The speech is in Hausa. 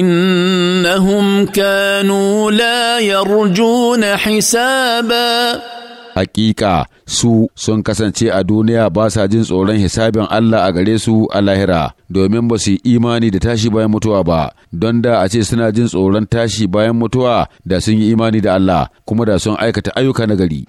إنهم كانوا لا يرجون حسابا Hakika su sun kasance a duniya ba sa jin tsoron hisabin Allah a gare su a lahira, domin ba su yi imani da tashi bayan mutuwa ba, don da a ce suna jin tsoron tashi bayan mutuwa da sun yi imani da Allah, kuma da sun aikata ayyuka nagari.